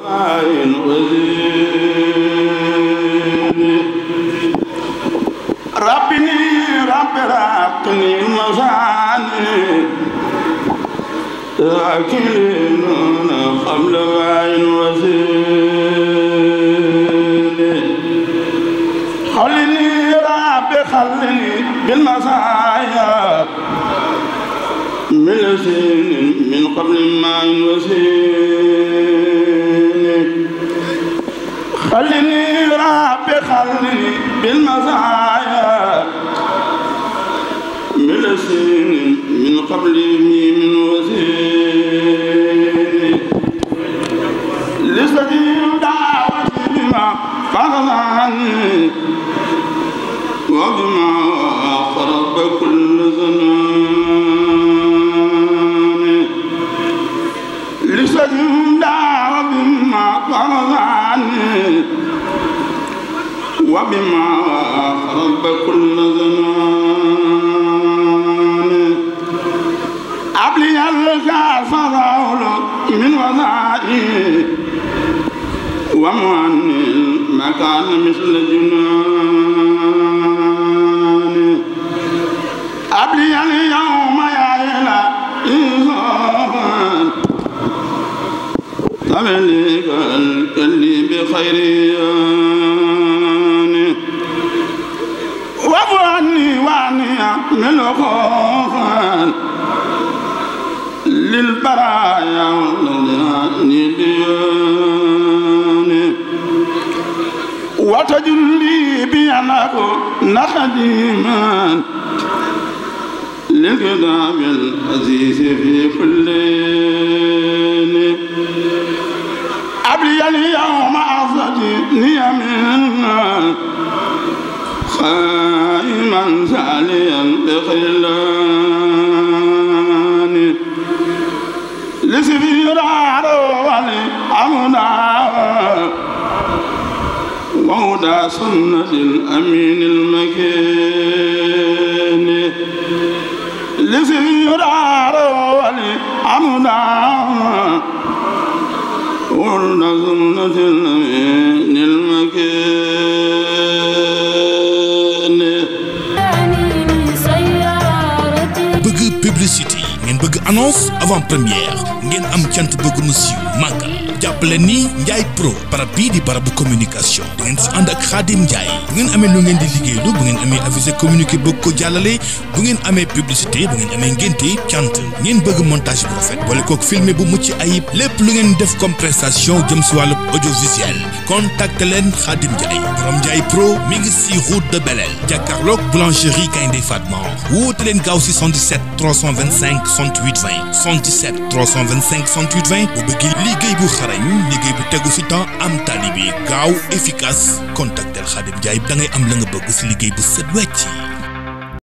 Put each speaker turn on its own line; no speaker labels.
من قبل ما يوسيل خليني ربي خليني بالمزايا من سنين من قبلي من وزين لسديم دعوتي ما فرض عني وبما فرض كل زمان لسديم دعوتي ما فرض وبما خرب كل زمان أبلي فضول من وضعي ومعنى المكان مثل جنان أبلي اليوم عليك الكل بخير يعني. واعف عني وعني أعمل خوفا للبرايا والأغنيان ديان وتجلي بيعمك نخديما لكتاب العزيز في كل أبلي اليوم أفضلي منا خائما ساليا بخلان لسفير عروالي أمنا وهدى سنة الأمين المكين لسفير عروالي العظمة الأمين المكين
bëgg publicité ngeen bëgg annonce avant première ngeen am cant bëgg mu siiw màggal jàpp leen ni Ndiaye Pro barab bii di barab bu communication di ngeen si ànd ak Khadim Ndiaye bu ngeen amee lu ngeen di liggéeylu bu ngeen amee avisé communiqué bëgg ko jàllale bu ngeen amee publicité bu ngeen amee ngénte cant ngeen bëgg montage bu boole kook filmé bu mucc ayib lépp lu ngeen def comme prestation jëm si wàllu contacte leen Khadim Ndiaye borom Ndiaye Pro mi ngi si route Belel jàkkaarloog boulangerie Kayndé Fatma woote leen gaaw si bu liggéey bu tegu si temps am tali bi gaaw efficace contactel Khadim Ndiaye da ngay am la nga bëgg si liggéey bu set wecc